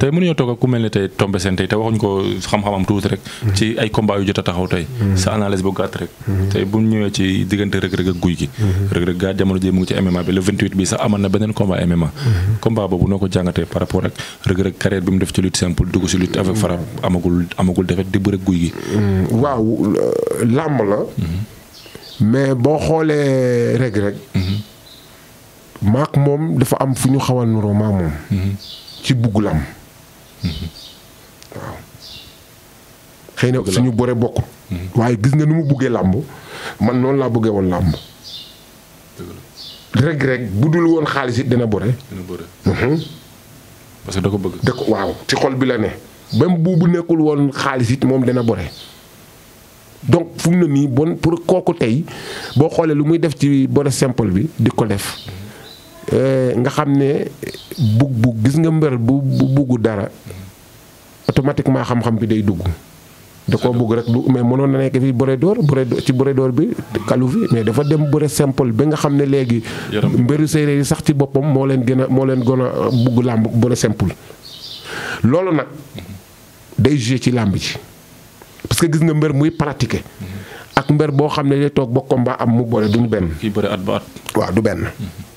tey mënuñoo toog ak ne tey Tombé Sène tey te waxuñ ko xam-xamam tuuti rek. ci ay combat jot a taxaw tey. Mm-hmm. sa analyse bu gàtt rek. Mm-hmm. tey bu ñëwee ci diggante Reug Reug ak Gouye Gui. Mm-hmm. Reug Reug gaa jamono jii mu ngi ci MMA bi le 28 bi sax amal na beneen combat MMA. combat boobu noo ko jàngatee par rapport ak Reug Reug carrière bi def ci lutte simple dugg ci lutte avec frappe amagul defet défaite di bëre Gouye Gui. waaw euh, làmb la. mais boo xoolee Reug rek maak moom dafa am fu ñu xaw a nuroo maa moom. ci bugg lam waaw. xëy na suñu bore bokkul. Mhm. waaye gis nga ni mu buggee làmb man noonu laa buggee woon làmb. rek rek bu dul woon xaalis it dina bore. dina bore. Mhm. parce que da ko bëgg. da ko waaw ci xol bi la ne. même bu bu nekkul woon xaalis it moom dana bore. donc fu mu ne nii bon pour kooku tey boo xoolee lu muy def ci bore simple bi di ko def. Mhm. Euh, nga xam ne bug bug gis nga mbër bu buggu dara automatiquement xam-xam bi day dugg. da koo bugg rek du mais mënoon na nekk fii bëre door ci bëre door bi kalu fi mais dafa dem bëre simple ba nga xam ne léegi. mbëru séeréer yi sax ci boppam moo leen gën a moo leen gën a euh, bugg làmb bëre loolu nag day joué ci làmb ji parce que gis nga mbër muy pratiquer. Mm-hmm. ak mbër boo xam ne day toog ba combat am mu bëre duñu benn. kii bëre at waaw du benn. Mm-hmm.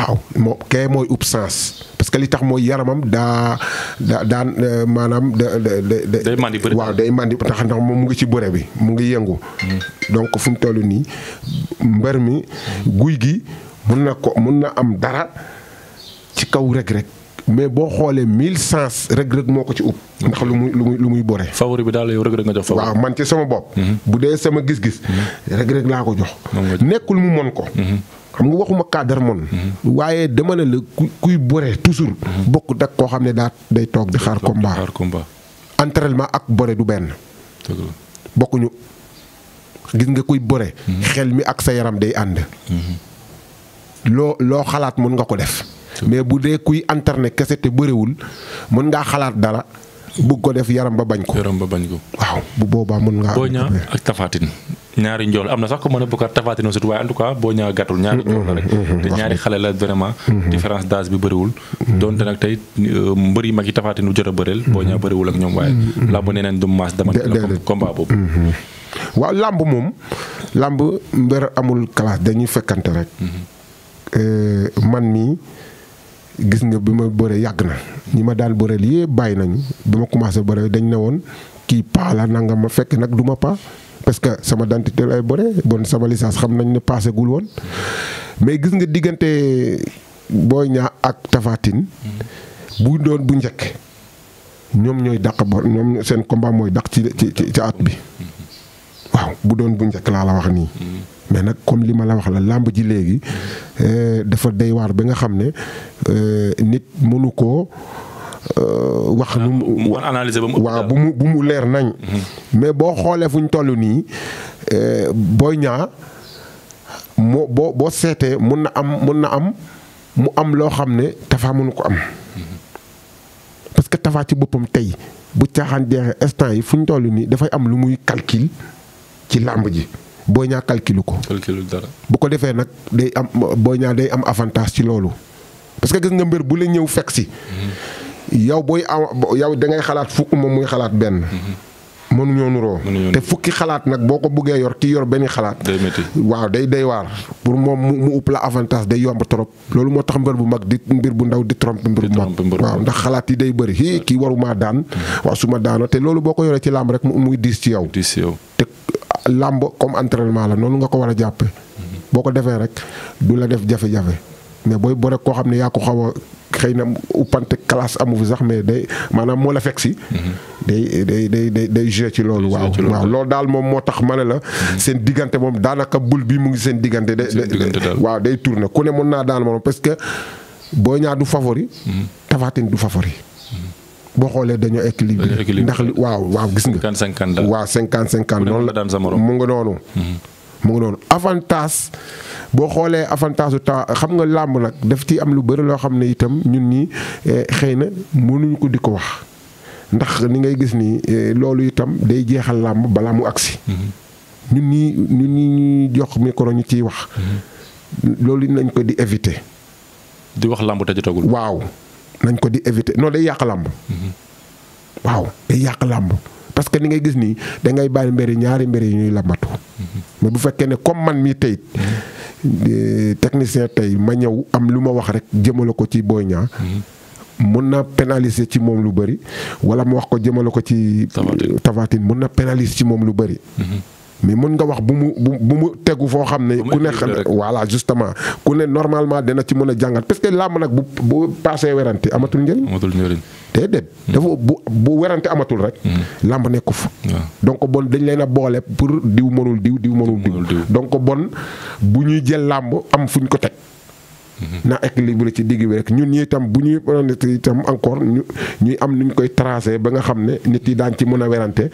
waaw moo kee mooy ub sens parce que li tax mooy yaramam daa daa daan maanaam da da da. day mandi bëre waaw day mandi tax ndax moom mu ngi ci bëre bi mu ngi yëngu. Hmm. donc fu mu toll nii mber mi. guy gi mun na ko mun na am dara ci kaw Reug Reug mais boo xoolee mille sens Reug Reug moo ko ci ub ndax lu muy lu muy lu muy bëre. favori bi daal la yow Reug Reug nga jox favori. waaw man ci sama bopp. Hmm. bu dee sama gis-gis. Hmm. Reug ko jox. nekkul mu mën ko. xam nga waxuma cadre moom. Mhm. waaye dama ne la kuy bore toujours. Mhm. bokk dak koo xam ne daa day toog di xaar combat. entraînement ak bore du benn. bokkuñu gis nga kuy bëre. Mhm. xel mi ak sa yaram day ànd. loo loo xalaat mën nga ko def. mais bu dee kuy entraîné kese te bëriwul mën ngaa xalaat dara. bëgg ko def yaram ba bañ ko. yaram bañ ko. waaw bu boobaa mën ngaa. Boy ak Tapha ñaari njool am na sax ko mën a bokkaat tafatina sut waaye en tout cas boo ñaa gàttul ñaari njool la rek mm-hmm. Mm-hmm. te ñaari xale la vraiment mm-hmm. différence d'âge bi bëriwul donte nag tey euh, mbër yi mag yi tafatinu jot a bëreel boo ñaa bëriwul ak ñoom waaye làmb nee neen du maas dama la combat boobu waaw làmb moom làmb mbër amul classe dañuy fekkante rek euh, man mii gis nga bi ma bëree yàgg na ñi ma daan bëreel yépp bàyyi nañu bi ma commencé bëree dañ ne woon kii paa la nanga ma fekk nag du ma paa parce que sama dentité ay bëre bon sama licence xam nañ ne passé gul woon mais gis nga diggante Boy Niang ak Tapha bu doon bu njëkk ñoom ñooy daq ba ñoom seen combat mooy dàq ci ci ci at bi waaw bu doon bu njëkk laa la wax nii. mais nag comme li ma la wax la làmb ji léegi euh, dafa day waar ba nga xam ne euh, nit mënu koo. Euh, wax lu mu waaw bu mu bu mu leer nañ mm-hmm. mais boo xoolee fu ñu toll nii euh, Boy Niang moo boo boo seetee mun na am mun na am mu am loo xam ne Tapha mënu ko am mm-hmm. parce que Tapha ci boppam tey bu caaxaan jeexee instant yi fu ñu toll nii dafay am lu muy calcul ci làmb ji Boy Niang calculu ko dara bu ko defee nag day am Boy Niang day am avantage ci loolu parce que gis nga mbir bu la ñëw fekk si mm-hmm. yow booy aw yow dangay xalaat fukk moom muy xalaat benn. Mm-hmm. mënuñoo nuroo te fukki xalaat nag boo ko buggee yor ki yor benn xalaat. day métti waaw day day waar. pour moom mu upp la avantage day yomb trop. loolu moo tax mbir bu mag di mbir bu ndaw di trompe mbir bu mag waaw ndax xalaat yi day bëri hii kii warumaa daan. Mm-hmm. waaw su ma daanoo te loolu boo ko yoree ci làmb rek muy diis ci yaw diis ci yow te làmb comme entraînement la noonu nga ko war a jàppee. Mm-hmm. boo ko defee rek du la def jafe-jafe mais booy koo xam ne yaa ko xaw xëy na uppante classe amu fi sax mais day maanaam moo la fekk si. day day day day day joué ci loolu. waaw waaw loolu daal moom moo tax ma ne la. Mhm. seen diggante moom daanaka bul bii mu ngi seen diggante. day waaw day tourné ku ne mun naa daan moom parce que boo Niang du favori. Mhm. Tapha Tine du favori. Mhm. boo xoolee dañoo équilibré ndax li waaw waaw gis nga. 50 50 waaw 50 cinquante noonu la mu nga noonu. mu ngi noonu avantage boo xoolee avantage su temps xam nga làmb nag daf ci am lu bëri loo xam ne itam ñun ñi eh, xëy na mënuñu ko di ko wax ndax ni ngay gis ni eh, loolu itam day jeexal làmb balaa mu agsi mm-hmm. ñun ñii ñun ñi ñuy jox micro ñu ciy wax. Mm-hmm. loolu nañ ko di éviter. di wax làmb te jotagul. waaw nañ ko di éviter non day yàq làmb. Mm-hmm. waaw day yàq làmb. parce que ni ngay gis nii da ngay bàyyi mbir ñaari mbir yi ñuy lambatu. mais bu fekkee ne comme man mii tey euh, technicien tey ma ñëw am lu ma wax rek jëmale ko ci Boy Niang mun na pénaliser ci moom lu bëri wala mu wax ko jëmale ko ci. Tafatine mun na pénaliser ci moom lu bëri. mais mën nga wax bu mu bu mu tegu foo xam ne ku ne voilà justement ku ne normalement dina ci mën a jàngat parce que làmb nag bu bu paasee werante amatul njëriñ. amatul déedéet hmm. dafa bu bu werante amatul rek. Hmm. làmb nekku fa. donc bon dañ leen a boole pour diw mënul diw diw mënul diw. donc bon bu ñuy jël làmb am fuñ ko teg. Hmm. na équilibré ci digg bi rek ñun ñii itam bu ñuy nit itam encore ñu ñuy am nuñ koy tracé ba nga xam ne nit yi daan ci mën a werante.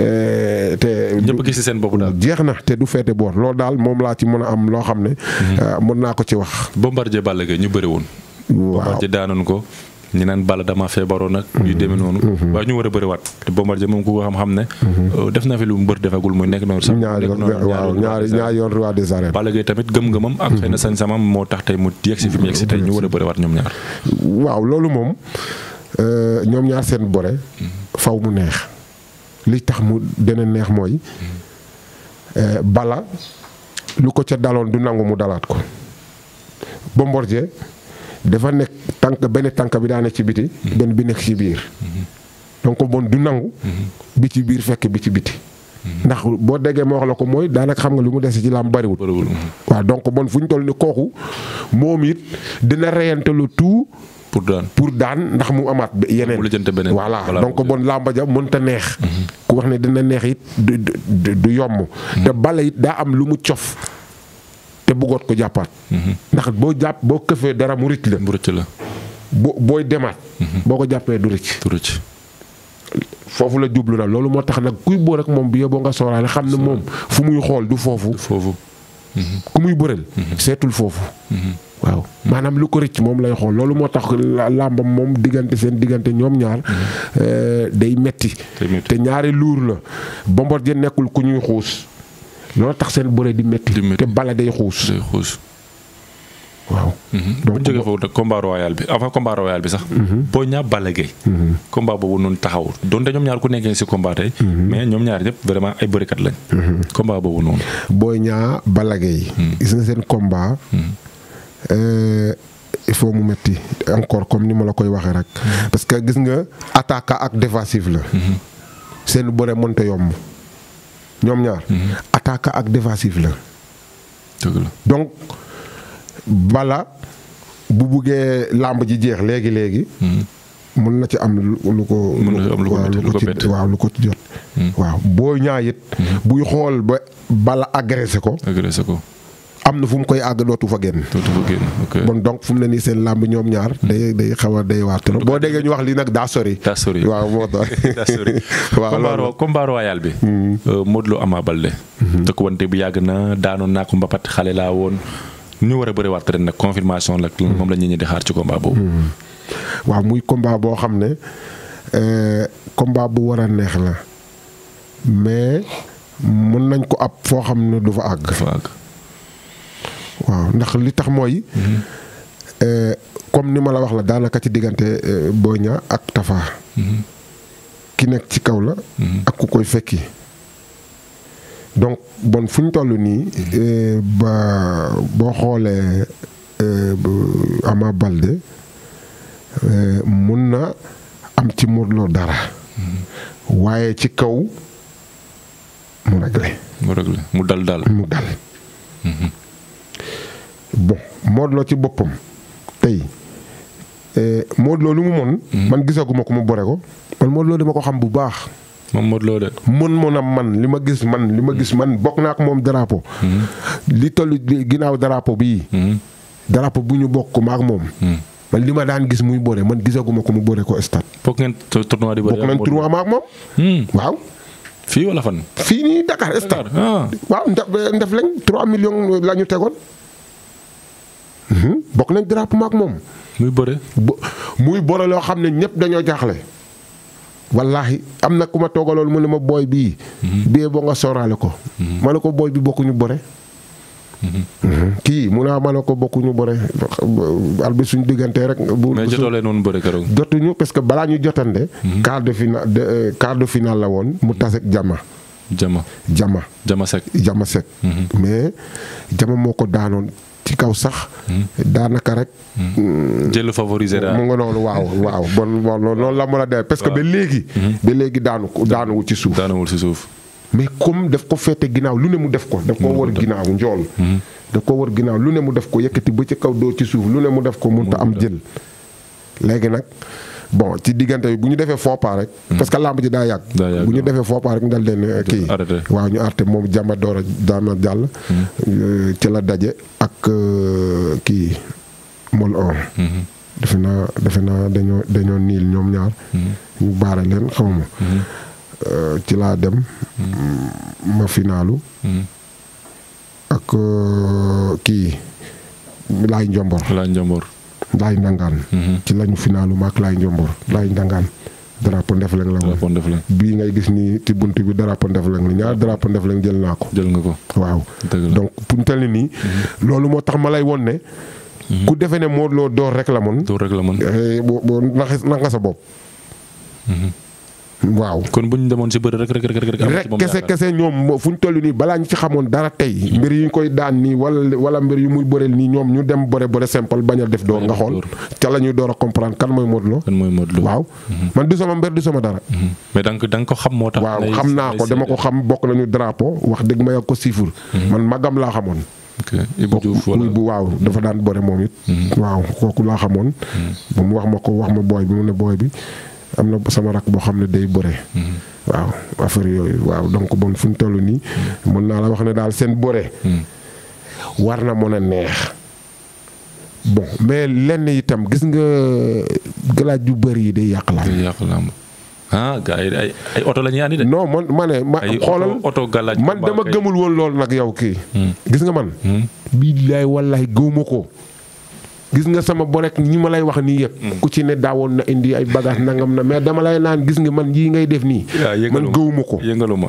Euh, te ñëpp gis seen bopp daal. jeex na te du feete boor loolu daal moom laa ci mën a am loo xam ne. Euh, mën naa ko ci wax. Bombardier Balla Gaye ñu bëri woon. waaw Bombardier ko. ñi naan Balla dama feebaroon nag yu demee noonu mhm. Mhm. waaye ñu war a bëriwaat te Bombardier moom ku ko xam-xam ne mhm. euh, def na fi lu mu mbër defagul muy nekk noonu sax waaw ñaari yoon roi des arènes Balla Gaye tamit gëm-gëmam ak xëy na sañ sama moo tax tey mu yegg si fi mu yegg si tey ñu war a bëriwaat ñoom ñaar waaw loolu moom euh, ñoom ñaar seen bore faw mu neex li tax mu dana neex mooy euh, Balla lu ko ca daloon du nangu mu dalaat ko Bombardier dafa nekk tànk benn tànk bi daa nekk ci biti mhm. benn bi nekk ci biir mhm. donc bon du nangu mhm. bi ci biir fekk bi ci biti ndax boo déggee ma wax la ko mooy daanaka xam nga lu mu dese ci laam bariwul waa donc bon fu ñu toll ni kooku moom it dina reyante lu tout pour daan pour daan ndax mu amaat yeneen. mu voilà donc bon làmba ja mënta neex. ku wax ne dina neex it du yomb. te bala it daa am lu mu cof. te bëggoot ko jàppaat. Mhm. ndax boo jàpp boo këfee dara mu rëcc la. mu rëcc la bo booy demaat. Mhm. boo ko jàppee du rëcc. foofu la jublu na loolu moo tax nag kuy boo rek moom bi yow nga sooraale xam ne moom fu muy xool du foofu. foofu. Mhm. ku muy bëreel. seetul foofu. waaw maanaam lu ko rëcc moom lay xool loolu moo tax làmbam moom diggante seen diggante ñoom ñaar euh, day metti te ñaari luur la Bombardier nekkul ku ñuy xuus. loolu tax seen bëre di métti. te bala day xuus. day xuus. waaw. Mhm. donc ñu jógee foofu combat royal bi avant combat royal bi sax. Mhm. boo ñaa Balla Gaye. Mhm. combat boobu noonu taxaw donte ñoom ñaar ku nekkee si combat tey. mais ñoom ñaar ñëpp vraiment ay bërikat lañ. boobu noonu. booy ñaa Balla gis nga seen combat. Euh, il mu metti encore comme ni ma la koy waxee rek. parce que gis nga attaque ak défensive la. seen bëre mënta yomb. ñoom ñaar. Mm-hmm. attaque ak défensif la. donc bala bu buggee làmb ji jeex léegi léegi. mën mm-hmm. na ci am lu ko. lu ko ci waaw lu ko ci jot. Mm-hmm. waaw boo ñaayit buy xool ba bala agressé ko. agressé ko. am na fu mu koy àgg dootu fa génn. dootu fa génn bon donc fu ne nii seen làmb ñoom ñaar. Hmm. day day xaw a day waar trop boo degee ñu wax lii nag daa sori. daa sori waaw moo tax. bi. Hmm. Euh, Modou Lo Ama Baldé. te ko bu yàgg na daanoon naa ko mbapat xale laa woon ñu war a bëri waat ren nag la. Hmm. moom la ñuy ñi di xaar ci combat boobu. waaw muy combat boo xam ne euh, combat bu war a neex la mais mën nañ ko ab foo xam ne du fa àgg. waaw ndax li tax mooy. comme ni ma la wax la daanaka ci diggante euh, Boy Niang ak Tapha. ki nekk ci kaw la. ak ku koy fekki. donc bon fu ñu toll nii. ba boo xoolee euh, Ama Baldé euh, mun na am ci Modou Lo dara. waaye ci kaw mu réglé. mu mu dal daal mu dal. Mhm. bon Modou Lo ci boppam tey eh, Modou Lo lu mu mën. Hmm. man gisaguma ko mu bore ko. man Modou Lo dama ko xam bu baax. moom Modou Lo de. mën man li ma gis man li ma gis hmm. man bokk naa ak moom drapeau. Hmm. li toll ginnaaw drapeau bii. drapeau bu ñu bokk ma man li ma daan gis muy bore man gisaguma ko mu bore ko stade. bokk ngeen tournoi ma ak moom. waaw. fii wala fan. fii nii Dakar stade. Ah. waaw ndef lañ 3 millions la tegoon. Mhm. bokk nañ drapeau maak moom. muy bëre. muy bëre loo xam ne ñëpp dañoo jaaxle. wallaahi am na ku ma toogaloon mu na ma booy bii. Mhm. bee boo nga sooraale ko. Mhm. ma ne ko booy bi bokkuñu bore kii mu ne ah, ma ko bokkuñu bëre al bi suñu diggante rek. bu mais jotoo leen woon bëre keroog. jotuñu parce que balaa ñu jotande. quart de final euh, quart de final la woon mu tase ak jama. jama jama jama sek jama sek. mais jama moo ko daanoon. ci kaw sax. Hmm. daanaka rek. Hmm. Hmm. jël favoriser mu nga noonu waaw waaw bon bon loolu la mën a demee parce que ba léegi. ba léegi daanu daanuwul ci suuf. daanuwul ci suuf. mais comme def ko féete ginnaaw lu ne mu def ko. def ko war ginnaaw njool. daf ko war ginnaaw lu ne mu def ko yëkkati ba ci kaw doo ci suuf lu ne mu def ko mënut a am jël léegi nag. bon ci diggante bi bu ñu defee faux rek. Hmm. parce que làmb ci daa yàgg. bu ñu defee faux pas rek ñu leen kii. waaw ñu arrêté moom jàmba door a daana jàll. Hmm. Euh, ci la daje ak euh, kii mol on. Hmm. defe naa defe dañoo dañoo niil ñoom ñaar. ñu baare leen xamuma euh, ci laa dem. ma finaalu. ak kii laay Njombor. laay Laay Ndangaan. Mhm. ci lañu finaalu maak Laay Njomboor Laay Ndangaan. drapeau Ndefleng la woon bii ngay gis nii ci bunt bi drapeau Ndefleng la ñaar drapeau Ndefleng jël naa ko. jël nga ko waaw. donc fu mu toll nii. Mhm. loolu moo tax ma lay woon ne. Mhm. ku defe ne moo loo door rek la mën. door rek la mën. Eh, boo boo nax nga sa bopp. waaw kon bu ñu demoon si bëri rek rek rek rek. rek kese kese ñoom fu ñu toll nii balaa ñu ci xamoon dara tey. mbir yu ñu koy daan nii wala wala mbir yu muy bëreel nii ñoom ñu dem bëre bëre simple bañ a def doo nga xool. ca la ñuy door a comprendre kan mooy Modou Lo. mooy Modou Lo waaw. Mhm. man du sama mbir du sama dara. Mhm. mais da nga ko xam moo tax. waaw xam naa ko dama ko xam bokk nañu drapeau wax dëgg ma yàgg ko siifur. Mhm. man magam laa xamoon. ok Ibou bu waaw dafa daan bëre moom it. waaw kooku laa xamoon. ba mu wax ma ko wax ma booy bi mu ne booy bi am na sama rak boo xam ne day bëre. Mm-hmm. waaw affaire yooyu waaw donc bon fu ñu toll nii. Mm-hmm. mën naa la wax ne daal seen bëre. Mm-hmm. war na mën a neex. bon mais lenn itam gis nga galaaj yu bari yi day yàq làmb. day yàq làmb ah, la ñuy andi de. non man ma ne xoolal oto galaaj man dama gëmul woon lool nag yow kii. Mm. gis nga man. Mm. billaay wallaay gëwuma ko. gis nga sama borek ñi ma lay wax nii yëpp. Mm. ku ci ne daawoon na indi ay bagage nangam na mais dama lay naan gis nga man yii ngay def nii. man gëwuma ko yëngaluma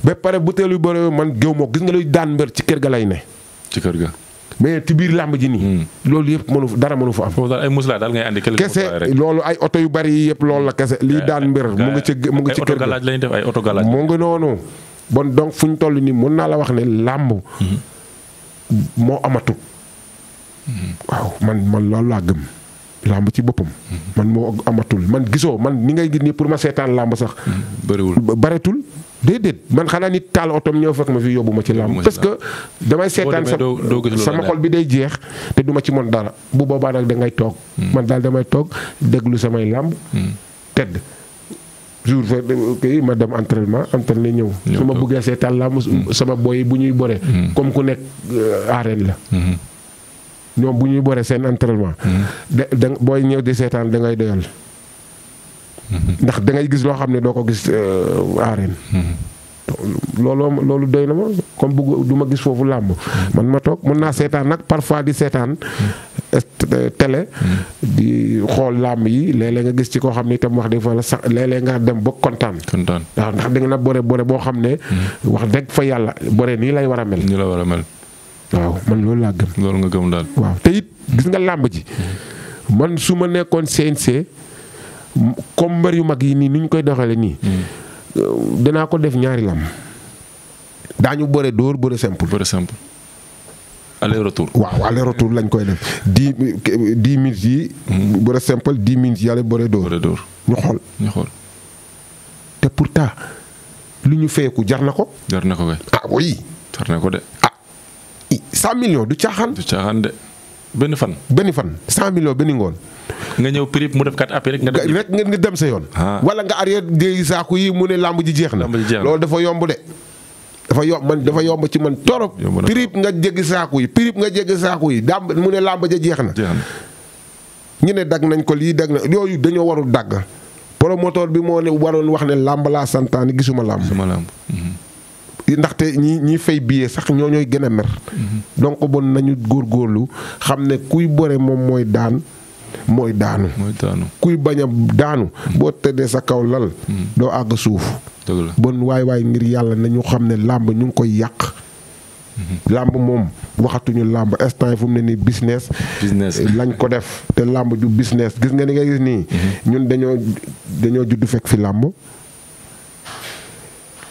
ba pare butéel yu bëri man gëwuma ko gis nga luy daan mbër ci kër ga lay ne. ci kër ga. mais ci biir làmb ji nii. Mm. loolu yëpp mënu dara mënu fa am. foofu daal ay muslaa daal ngay andi. kese loolu ay oto yu bari yi yëpp la kese eh, lii daan mbër mu ngi ci eh, mu ngi ci kër ga oto galaaj lañuy def ay oto galaaj. mu ngi noonu bon donc fu ñu toll nii mën naa la wax ne làmb mm-hmm. moo amatul waaw man man loolu laa gëm. làmb ci boppam. man moo amatul man gisoo man ni ngay gis nii pour ma seetaan làmb sax. bëriwul baretul déedéet man xanaa nit taal otom ñëw fekk ma fi yóbbu ma ci làmb parce que damay seetaan sama xol bi day jeex te duma ci mën dara bu boobaa nag da ngay toog. Hmm. man daal damay toog déglu samay làmb. Hmm. tedd jour kii ma dem entraînement entraîné ñëw. su ma bëggee seetaan làmb hmm. sama boy bu ñuy bore comme ku nekk euh, arène la. ñoom bu ñuy bore seen entraînement. Mm-hmm. de da booy ñëw di seetaan da ngay doyal. Mm-hmm. ndax da ngay gis loo xam ne doo ko gis euh, arène. Mm-hmm. looloo loolu doy na ma comme bugg du ma gis foofu làmb. man ma toog mën naa seetaan nag parfois di seetaan. Euh, télé. di xool làmb yi léeg-léeg nga gis ci koo xam ne itam wax dëgg fa la sax léeg-léeg nga dem ba kontaan. kontaan waaw ndax da nga na bore bore boo xam ne. wax dëgg fa yàlla bore nii lay war a mel. nii la war a mel. waaw man loolu laa gëm. loolu nga gëm daal. waaw te it gis nga làmb ji mm-hmm. man su ma nekkoon CNC comme mbër yu mag yi nii ni ñu koy doxalee nii. Mm-hmm. danaa ko def ñaari làmb daañu bëre dóor bëre simple. bëre simple. aller retour waaw aller retour lañ koy def dix dix minutes yi. Mm-hmm. bëre simple dix minutes yàlla bëre dóor. bëre dóor ñu xool ñu xool. te lu ñu feeku jar na ko. jar na ko kay ah jar na ko de. cent millions du caaxaan. du caaxaan de benn fan. benn fan cent millions benn ngoon. nga ñëw prix mu def kat appui rek. nga dem rek dem sa yoon. wala nga arrière des saako yi mu ne làmb ji jeex na. loolu dafa yomb de. dafa yomb man dafa yomb ci man torop prix nga jéggi saako yi prix nga jéggi saako yi dàmb mu ne làmb ja jeex na. ñu ne dagg nañ ko lii dagg na yooyu dañoo warul dagg promoteur bi moo ne waroon wax ne làmb laa santaane gisuma làmb. gisuma làmb. Mhm. ndaxte ñii ñi fay billet sax ñoo ñooy gën a mer. Mm-hmm. donc bon nañu góor góorlu xam ne kuy bore moom mooy daan. mooy daanu. mooy daanu kuy bañ a daanu. Mm-hmm. boo tëddee sa kaw lal. Mm-hmm. doo àgg suuf. dëgg la bon waay waay ngir yàlla na ñu xam ne làmb ñu ngi koy yàq. làmb moom waxatuñu làmb instant yi ne nii business. business lañ ko def te làmb ju business gis nga ni nga gis nii. ñun dañoo dañoo juddu fekk fi làmb.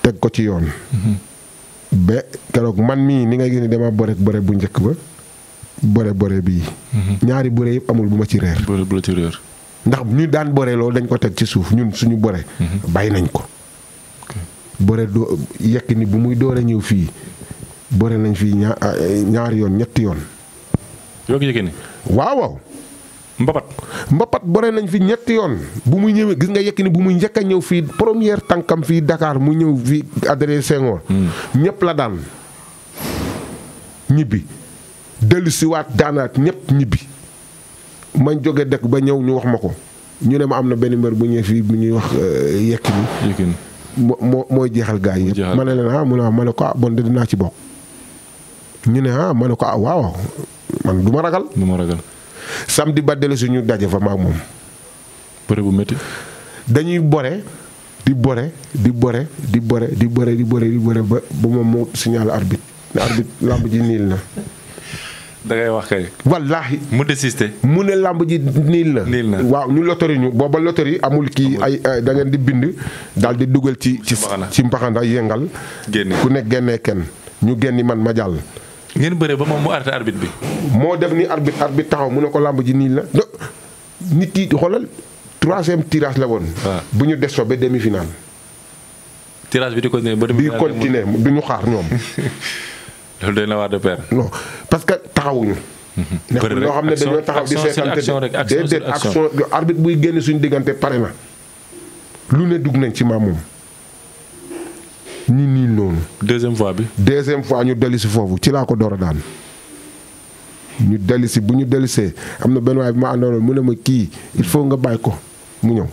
teg ko ci yoon. ba keroog man mii ni ngay gis ne dama bëre bëre bu njëkk ba bëre bëre bii. ñaari bëre yëpp amul bu ma ci réer. bëre bu la ci réer. ndax ñu daan bëre dañ ko teg ci suuf ñun suñu bore bàyyi nañ ko. bore doo ni bu muy doore ñëw fii bëre nañ fii ñaari yoon ñetti yoon. waaw waaw. mbapat mbapat bore nañ fi ñetti yoon bu mu ñëwee gis nga ni bu muy njëkk a ñëw fii première tànkam fii dakaar mu ñëw fii Adrien Senghor hmm. ñëpp la daan ñibbi dellu siwaat daanaat ñëpp ñibbi ma joge dëkk ba ñëw ñu wax ma ko ñu ne ma am na benn mbër bu ñëw fii mu ñuy wax euh, Yékini moo mooy jeexal gars yi yëpp ma ne leen ah, mu ne ma ne ko ah bon de dinaa ci bokk ñu ne ah ma ne ko ah waaw man ma ragal du ma ragal samedi ba dellu suñu daje fa maag moom. bëre bu métti. dañuy bore di bore di bore di bore di bore di bore di bore ba ba moom moo signalé ne arbitre lamb ji niil na. wax kay. wallaahi. mu ne lamb ji niil na. niil waaw ñu lotori ñu booba lotori amul kii ay dangeen di bind daal di dugal ci. ci mbaxana ci mbaxana yëngal. génne ku nekk génnee kenn ñu génni man ma jàll. ngeen bëree ba moom mu arrêté arbitre bi. moo def ni arbitre arbitre taxaw mu ne ko làmb ji nii la nit yi xoolal troisième tirage la woon. Ah. bu ñu des fa ba demi final. tirage bi di continuer ba demi final bi continuer du ñu xaar ñoom. loolu day la war de père. non parce que taxawuñu. Mhm. bëri loo xam ne dañoo taxaw di seetante déedéet action arbitre buy génn suñu diggante pare na lu ne dugg nañ ci maam moom. ñu niil loolu deuxième fois bi. deuxième fois ñu dellu foofu ci laa ko door a daan ñu dellu si bu ñu dellu am na benn waay bi ma àndoon mu ne ma kii il faut nga bàyyi ko mu ñëw.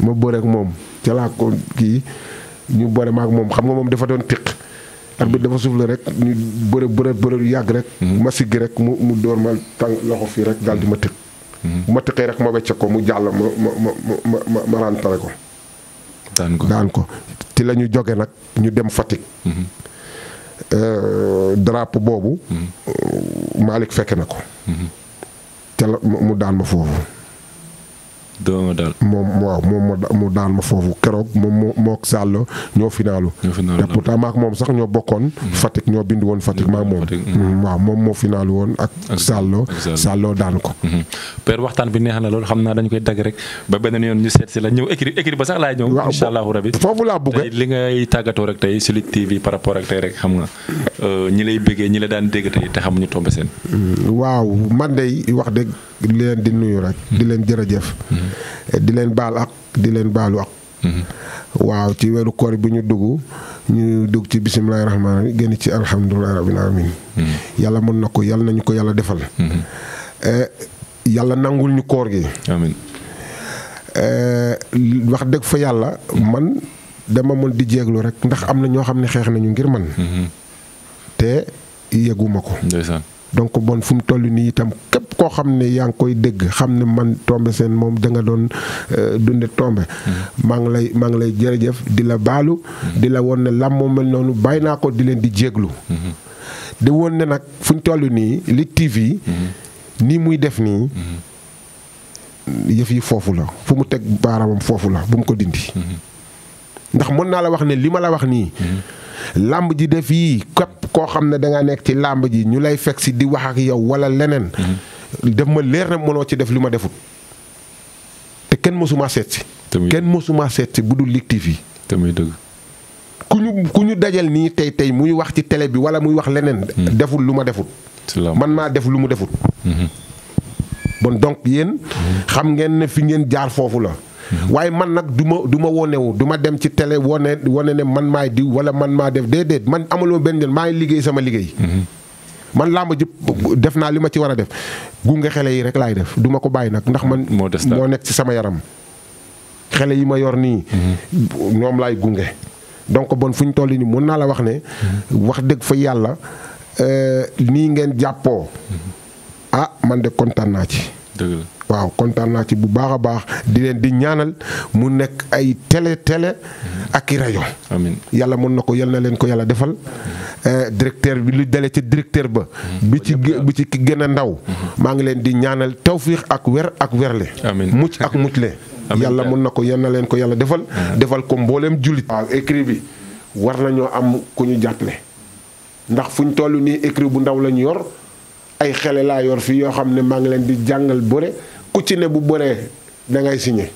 ma bëre moom ca laa ko kii ñu bëre ma moom xam nga moom dafa doon tiq arbitre dafa suuf la rek ñu bëre bëre bëre yàgg rek. Mhm. ma sigg rek mu mu door ma tàng loxo fii rek daal di ma tiq. Mhm. ma tiqee rek ma wecce ko mu jàll ma ma ma ma ma rantale ko. daan ko daan ko ti la ñu joge nag ñu dem Fatick. Mhm. Euh, drapeau boobu. Mhm. malik fekke na ko. te mhm. mu daan ma foofu. doo ma daal moom waaw moom mu daan ma foofu keroog moom moo Sall ñoo finaalu te pourtant maak moom sax ñoo bokkoon mm-hmm. Fatick ñoo bind woon Fatick maak moom mm-hmm. Mm-hmm. waaw moom moo finaalu woon ak Sallo Sallo daan ko père waxtaan bi neex na loolu xam naa dañ koy dagg rek ba beneen yoon ñu seet si la ñëw écrit écrit ba sax laay ñëw insha allahu rabi foofu laa bëgg li ngay tàggatoo rek tey si Lutte TV par rapport ak tey rek xam nga euh, ñi lay bëggee ñi la daan dégg tey te xamuñu tombe seen waaw man day wax dëgg di leen di nuyu rek. di leen jërëjëf. di leen baal ak di leen baalu ak. waaw ci weeru koor bi ñu dugg ñu dugg ci bisimilahi rahmaani rahiim génn ci alhamdulilahi rabbil alamin yàlla mën na ko yàlla nañu ko yàlla defal. Eh, yàlla nangul ñu koor gi. Eh, wax dëgg fa yàlla man dama mën di jéeglu rek ndax am na ñoo xam ne xeex nañu ngir man. Mm-hmm. te yëguma ko. donc bon fu mu nii itam képp koo xam ne yaa ngi koy dégg xam ne man Tombé seen moom danga nga doon euh, dunde Tombé mm-hmm. maa ngi lay maa ngi lay jërëjëf di la baalu mm-hmm. di la woon ne lam moo mel noonu bàyyi naa ko di leen di jéeglu mm-hmm. di woon ne nag fu ñu toll nii li TV nii muy def nii yëf yi foofu la fu mu teg baaraamam foofu la bu mu ko dindi ndax mën naa la wax ne li ma la wax nii làmb ji def yii képp koo xam ne danga nekk ci làmb ji ñu lay fekk si di wax ak yow wala leneen. def ma leer na mënoo ci def li ma defut te kenn mësuma seet si. kenn mësuma seet si bu dul Lutte TV. tamit dëgg. ku ñu ku ñu dajal nii tey tey muy wax ci télé bi wala muy wax leneen. Hmm. deful lu ma defut. man maa def lu mu defut. Hmm. bon donc yéen. Hmm. xam ngeen ne fi ngeen jaar foofu la. waaye man nag du ma du ma wonewu du ma dem ci télé wone wone ne man maay diw wala man maa def déedéet man amaloo benn yoon maa ngi liggéey sama liggéey. man laa ma jëpp def naa li ma ci war a def gunge xele yi rek laay def duma ko bàyyi nag ndax man. moo des moo nekk ci sama yaram. xele yi ma yor nii. Mhm. ñoom laay gunge. donc bon fu ñu toll nii mën naa la wax ne. Mhm. wax dëgg fa yàlla euh, nii ngeen jàppoo. Mhm. ah man de kontaan naa ci. dëgg la. waaw kontaan naa ci bu baax a baax di leen di ñaanal mu nekk ay tele tele ak i rajo. amiin yàlla mën na ko yal na leen ko yàlla defal. Eh, directeur bi lu dale ci directeur ba. Mm-hmm. bi ci bi ci gën a ndaw. Mm-hmm. maa ngi leen di ñaanal tawfiix ak wer ak werle. amiin mucc ak muccle. yàlla mën na ko yal leen ko yàlla defal. Mm-hmm. defal ko mbooleem jullit. waaw écrit bi war nañoo am ku ñu jàppale. ndax fu ñu toll nii écrit bu ndaw la ñu yor ay xele laa yor fii yoo xam ne maa ngi leen di jàngal bore ku ci ne bu bëree da ngay signé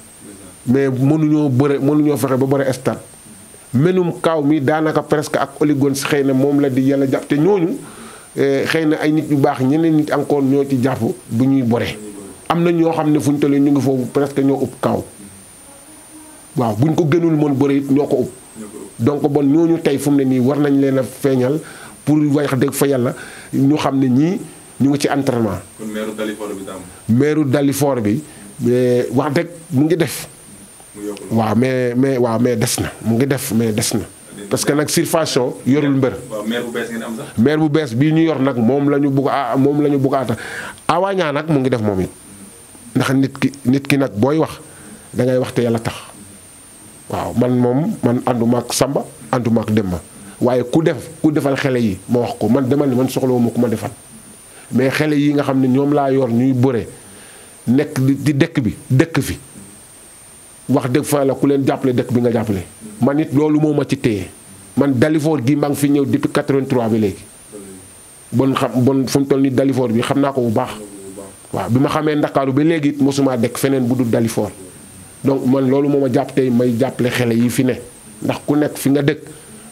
mais mënuñoo bëre mënuñoo fexe ba bëre stade menum kaaw mii daanaka presque ak oligons xëy na moom la di yàlla jàpp te ñooñu eh, xëy na ay nit yu baax ñeneen nit encore ñoo ci jàpp bu ñuy bëre. am na ñoo xam ne fu ñu toll ñu ngi foofu presque ñoo ëpp kaaw waaw buñ ko gënul mën bëre it ñoo ko ëpp. donc bon ñooñu tey fu ne nii war nañ leen feeñal pour wax dëgg fa yàlla ñu xam ne ñii. ñu ngi ci entraînement. kon meeru Dalifort bi tam. meeru Dalifort bi wax dëgg mu ngi def. waa mais mais waa mais des na mu ngi def mais des na. parce que nag surfaction yorul mbër. waaw bu bees bii ñu yor nag moom la ñu bugg a moom la ñu bugg a awaañaa nag mu ngi def moom it ndax nit ki nit ki nag booy wax da ngay wax te yàlla tax waaw man moom man ànduma ak Samba ànduma ak ma waaye ku def ku defal xele yi ma wax ko man demal ni man soxlawuma ku ma defal. mais xale yi nga xam ne ñoom laa yor ñuy bëre nekk di dëkk bi dëkk fi wax dëgg fa la ku leen jàppale dëkk bi nga jàppale. man it loolu moo ma ci téye man Dalifor gi maa ngi fi ñëw depuis 83 bi léegi. bon xam bon fu mu toll nii Dalifor bi xam naa ko bu baax. waaw bi ma xamee Ndakaaru ba léegi it mosuma dëkk feneen bu dul dalifoor donc man loolu moom a jàpp tey may jàppale xale yi fi ne ndax ku nekk fi nga dëkk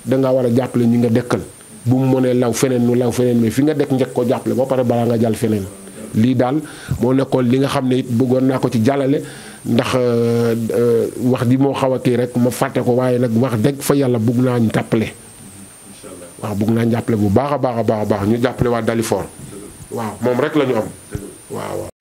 da nga war a jàppale ñi nga dëkkal. bu mu mënee law feneen nu law feneen mais fi nga dekk njëkk ko jàppale ba pare balaa nga jàll feneen lii daal moo nekkoon li nga xam ne it bëggoon naa ko ci jàllale ndax euh, wax ji moo xaw kii rek ma fàtte ko waaye nag wax dëgg fa yàlla bugg naa ñu jàppale. waaw bëgg naa ñu jàppale bu baax a baax a baax ñu jàppale waa foor waaw moom rek lañu am waaw.